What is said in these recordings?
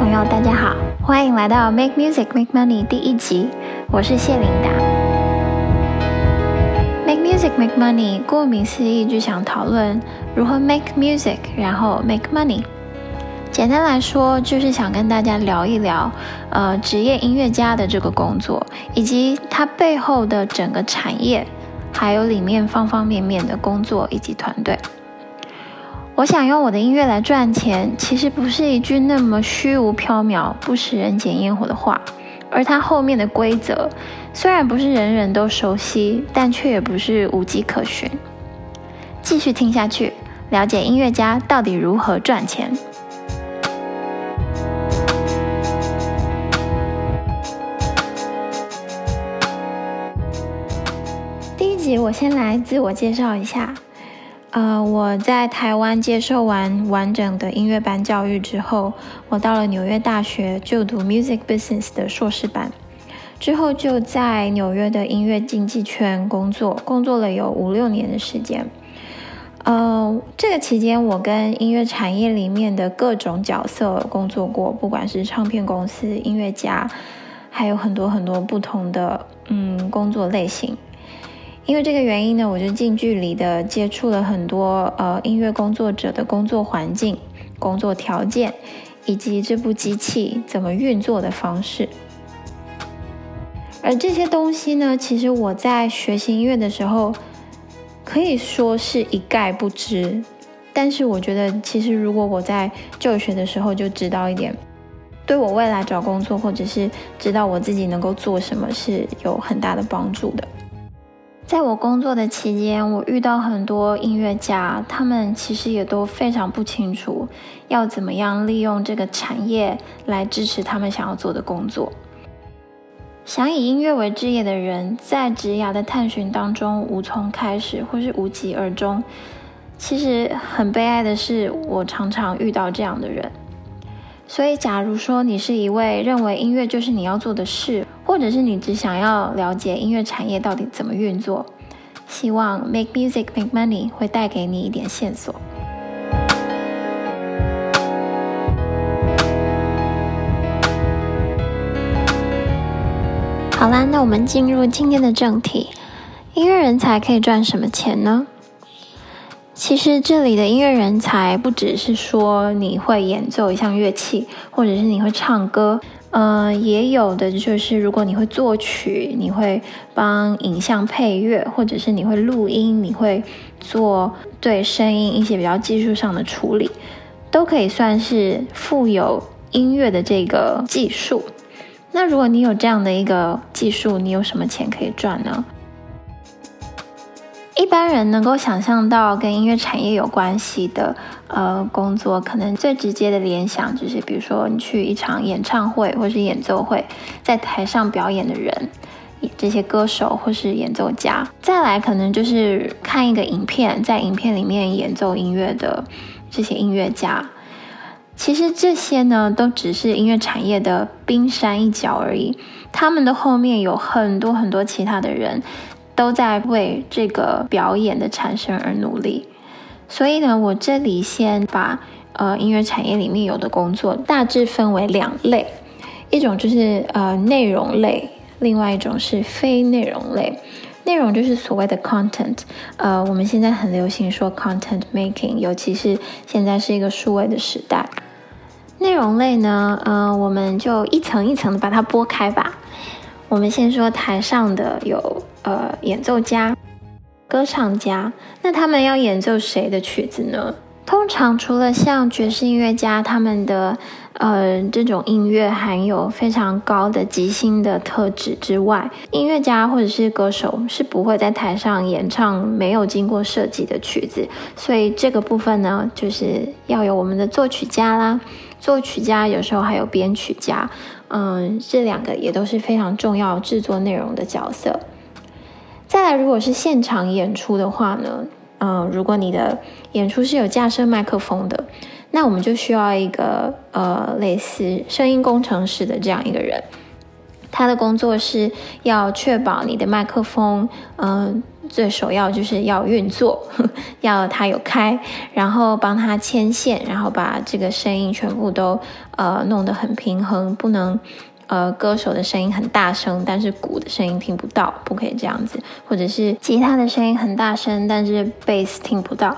朋友，大家好，歡迎來到《Make Music Make Money》第一集，我是謝琳達。Make Music Make Money，顧名思義，就想討論如何 make music，然後 make money。簡單來說，就是想跟大家聊一聊，呃，職業音樂家的這個工作，以及它背後的整個產業，還有裡面方方面面的工作以及團隊。我想用我的音樂來賺錢，其實不是一句那麼虛無縹緲、不食人間煙火的話，而它後面的規則雖然不是人人都熟悉，但卻也不是無跡可循。繼續聽下去，了解音樂家到底如何賺錢。第一集，我先來自我介紹一下。呃，uh, 我在台灣接受完完整的音樂班教育之後，我到了紐約大學就讀 Music Business 的碩士班，之後就在紐約的音樂經紀圈工作，工作了有五六年的時間。呃，uh，這個期間我跟音樂產業裡面的各種角色工作過，不管是唱片公司、音樂家，還有很多很多不同的嗯工作類型。因為這個原因呢，我就近距離的接觸了很多呃音樂工作者的工作環境、工作條件，以及這部機器怎麼運作的方式。而這些東西呢，其實我在學習音樂的時候，可以說是一概不知。但是我覺得，其實如果我在就學的時候就知道一點，對我未來找工作或者是知道我自己能夠做什麼是有很大的幫助的。在我工作的期間，我遇到很多音樂家，他們其實也都非常不清楚要怎麼樣利用這個產業來支持他們想要做的工作。想以音樂為職業的人，在職涯的探尋當中無從開始，或是無疾而終。其實很悲哀的是，我常常遇到這樣的人。所以，假如說你是一位認為音樂就是你要做的事。或者是你只想要了解音樂產業到底怎麼運作，希望 Make Music Make Money 會帶給你一點線索。好啦，那我們進入今天的正題：音樂人才可以賺什麼錢呢？其實這裡的音樂人才不只是說你會演奏一項樂器，或者是你會唱歌。呃，也有的就是，如果你會作曲，你會幫影像配樂，或者是你會錄音，你會做對聲音一些比較技術上的處理，都可以算是富有音樂的這個技術。那如果你有這樣的一個技術，你有什麼錢可以賺呢？一般人能夠想象到跟音樂產業有關係的，呃，工作可能最直接的聯想就是，比如說你去一場演唱會或是演奏會，在台上表演的人，這些歌手或是演奏家；再來可能就是看一個影片，在影片裡面演奏音樂的這些音樂家。其實這些呢，都只是音樂產業的冰山一角而已，他們的後面有很多很多其他的人。都在為這個表演的產生而努力，所以呢，我這裡先把呃音樂產業裡面有的工作大致分為兩類，一種就是呃內容類，另外一種是非內容類。內容就是所謂的 content，呃，我們現在很流行說 content making，尤其是現在是一個數位的時代。內容類呢，嗯、呃，我們就一層一層的把它剝開吧。我們先說台上的有呃演奏家、歌唱家，那他們要演奏誰的曲子呢？通常除了像爵士音樂家，他們的呃這種音樂含有非常高的即興的特質之外，音樂家或者是歌手是不會在台上演唱沒有經過設計的曲子，所以這個部分呢，就是要有我們的作曲家啦。作曲家有時候還有編曲家，嗯，這兩個也都是非常重要制作內容的角色。再來，如果是現場演出的話呢，嗯，如果你的演出是有架設麥克風的，那我們就需要一個呃，類似聲音工程師的這樣一個人，他的工作是要確保你的麥克風，嗯。最首要就是要運作，要他有開，然後幫他牽線，然後把這個聲音全部都呃弄得很平衡，不能呃歌手的聲音很大聲，但是鼓的聲音聽不到，不可以這樣子，或者是吉他的聲音很大聲，但是貝斯聽不到，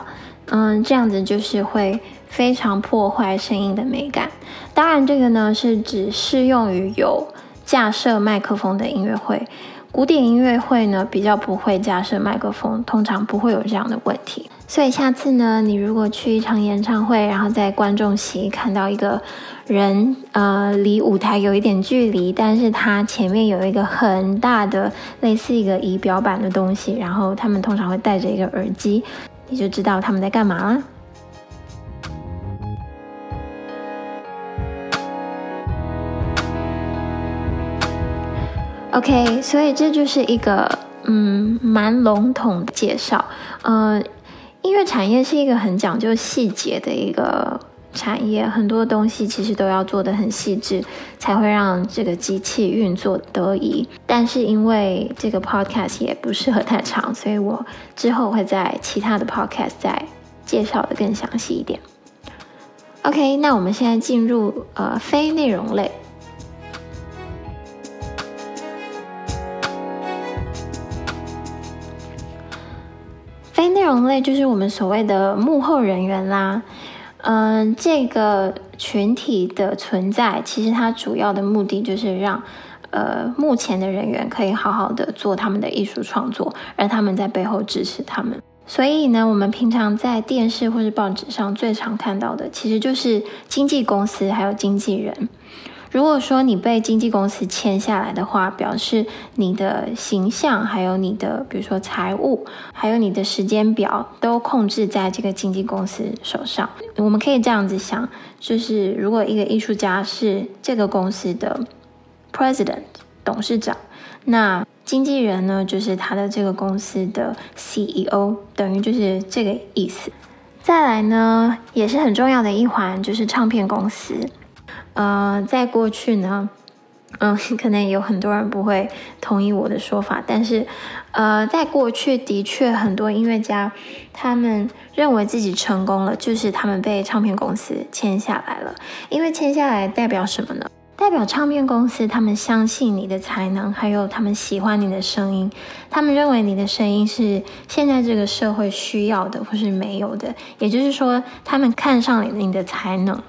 嗯，這樣子就是會非常破壞聲音的美感。當然，這個呢是只適用於有架設麥克風的音樂會。古典音樂會呢，比較不會架設麥克風，通常不會有這樣的問題。所以下次呢，你如果去一場演唱會，然後在觀眾席看到一個人，呃，離舞台有一點距離，但是他前面有一個很大的類似一個儀表板的東西，然後他們通常會戴着一個耳機，你就知道他們在幹嘛了。OK，所以這就是一個嗯，蠻籠統的介紹。呃，音樂產業是一個很講究細節的一個產業，很多東西其實都要做的很細緻，才會讓這個機器運作得宜。但是因為這個 Podcast 也不適合太長，所以我之後會在其他的 Podcast 再介紹的更詳細一點。OK，那我們現在進入呃非內容類。內容類就是我們所謂的幕後人員啦，嗯、呃，這個群體的存在，其實它主要的目的就是讓，呃，幕前的人員可以好好的做他們的藝術創作，而他們在背後支持他們。所以呢，我們平常在電視或是報紙上最常看到的，其實就是經紀公司還有經紀人。如果說你被經紀公司簽下來的話，表示你的形象，還有你的比如說財務，還有你的時間表都控制在這個經紀公司手上。我們可以這樣子想，就是如果一個藝術家是這個公司的 president，董事長，那經紀人呢就是他的這個公司的 CEO，等於就是這個意思。再來呢，也是很重要的一環，就是唱片公司。呃，在過去呢，嗯，可能有很多人不會同意我的說法，但是，呃，在過去的確很多音樂家，他們認為自己成功了，就是他們被唱片公司簽下來了。因為簽下來代表什麼呢？代表唱片公司他們相信你的才能，還有他們喜歡你的聲音，他們認為你的聲音是現在這個社會需要的或是沒有的，也就是說，他們看上了你的才能。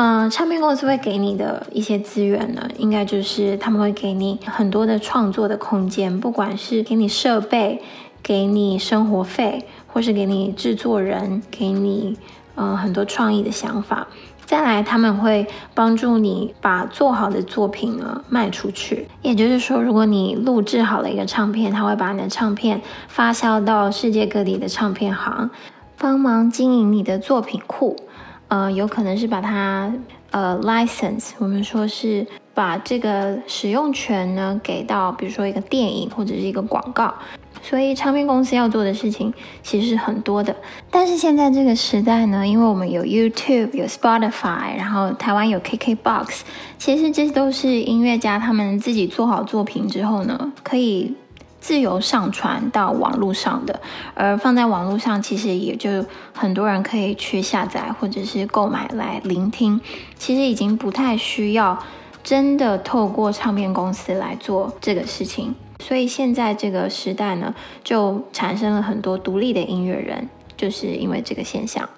嗯，唱片公司會給你的一些資源呢，應該就是他們會給你很多的創作的空間，不管是給你設備、給你生活費，或是給你製作人、給你嗯很多創意的想法。再來，他們會幫助你把做好的作品呢賣出去。也就是說，如果你錄製好了一個唱片，他會把你的唱片發銷到世界各地的唱片行，幫忙經營你的作品庫。呃，有可能是把它呃 license，我們說是把這個使用權呢給到，比如說一個電影或者是一個廣告，所以唱片公司要做的事情其實是很多的。但是現在這個時代呢，因為我們有 YouTube，有 Spotify，然後台灣有 KKBox，其實這都是音樂家他們自己做好作品之後呢，可以，自由上傳到網絡上的，而放在網絡上，其實也就很多人可以去下載或者是購買來聆聽。其實已經不太需要真的透過唱片公司來做這個事情，所以現在這個時代呢，就產生了很多獨立的音樂人，就是因為這個現象。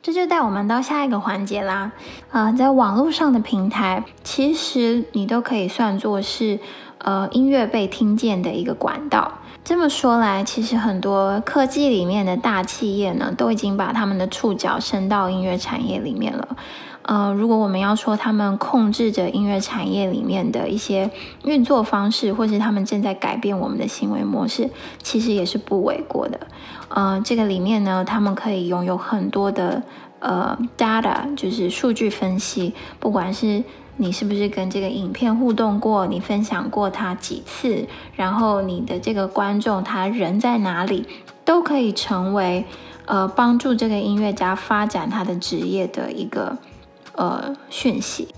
這就帶我們到下一個環節啦。呃，在網絡上的平台，其實你都可以算作是。呃，音樂被聽見的一個管道。這麼說來，其實很多科技裡面的大企業呢，都已經把他們的觸角伸到音樂產業裡面了。呃，如果我們要說他們控制着音樂產業裡面的一些運作方式，或是他們正在改變我們的行為模式，其實也是不為過的。呃，這個裡面呢，他們可以擁有很多的呃 data，就是數據分析，不管是。你是不是跟這個影片互動過？你分享過他幾次，然後你的這個觀眾他人在哪裡，都可以成為呃幫助這個音樂家發展他的職業的一個呃訊息。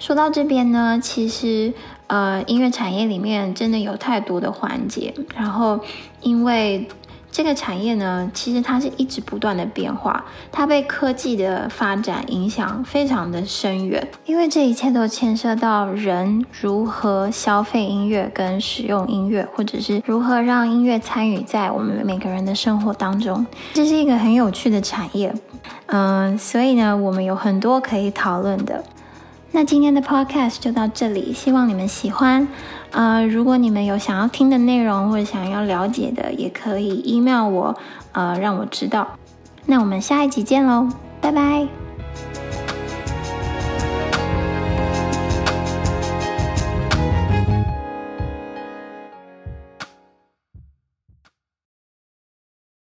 說到這邊呢，其實呃音樂產業裡面真的有太多的環節，然後因為。這個產業呢，其實它是一直不斷的變化，它被科技的發展影響非常的深遠，因為這一切都牽涉到人如何消費音樂跟使用音樂，或者是如何讓音樂參與在我們每個人的生活當中，這是一個很有趣的產業，嗯、呃，所以呢，我們有很多可以討論的。那今天的 Podcast 就到這裡，希望你們喜歡。呃，如果你們有想要聽的內容或者想要了解的，也可以 email 我，呃，讓我知道。那我們下一集見嘍，拜拜。